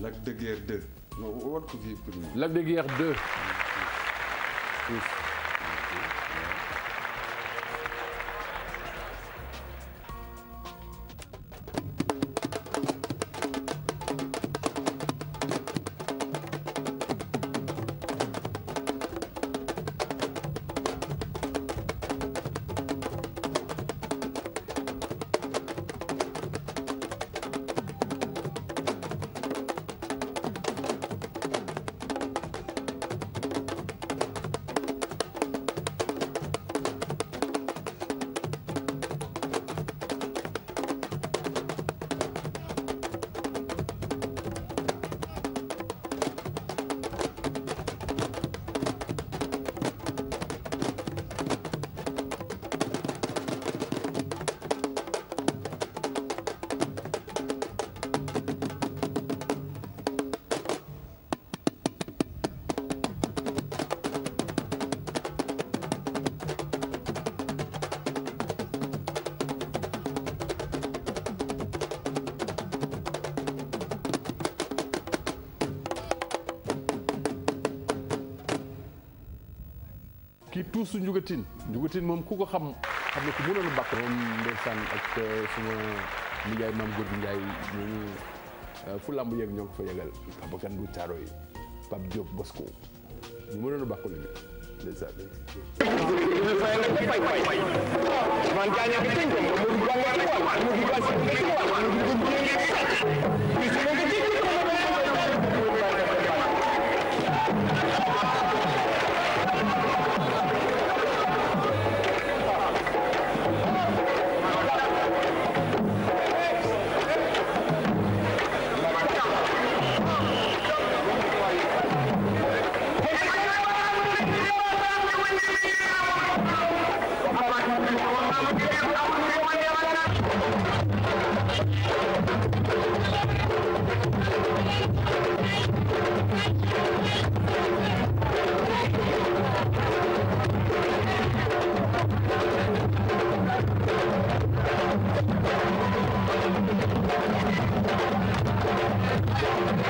Lac de Guiers 2. non wan ko fii pour ñu. Lac de Guiers 2. kii tuusu njugatin njugatin moom ku ko xam xam ne ku mënoon a bàkk moom ndeysaan ak suma nijaay maam góor njaay ñooñu fu làmb yegg ñoo ko fa yegal Babacar Ndour caaro yi Pape Diop Bosco ñu mënoon a bàkk lañu ndeysaan man jaaña bi tënk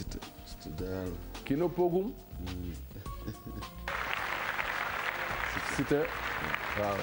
ఇష్టం కినోపోగుం సిత waaw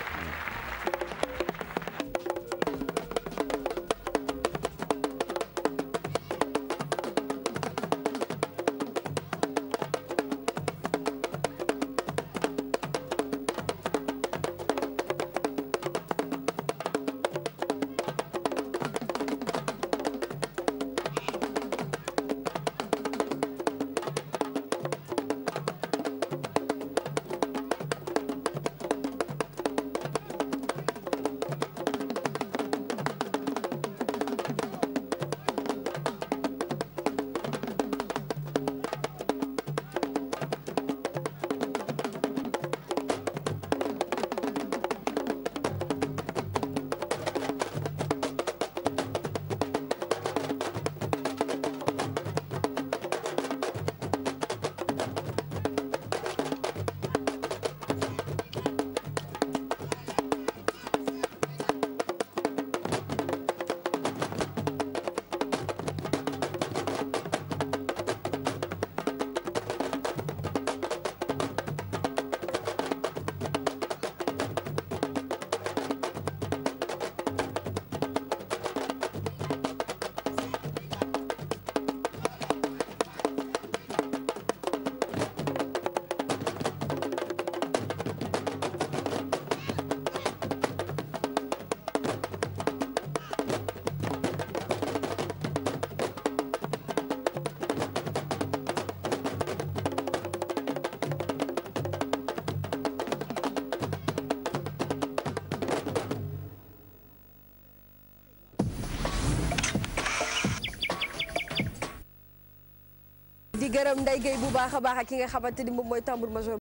gërëm Ndeye Gueye bu baax baax ki nga xamante ni moom mooy tambour major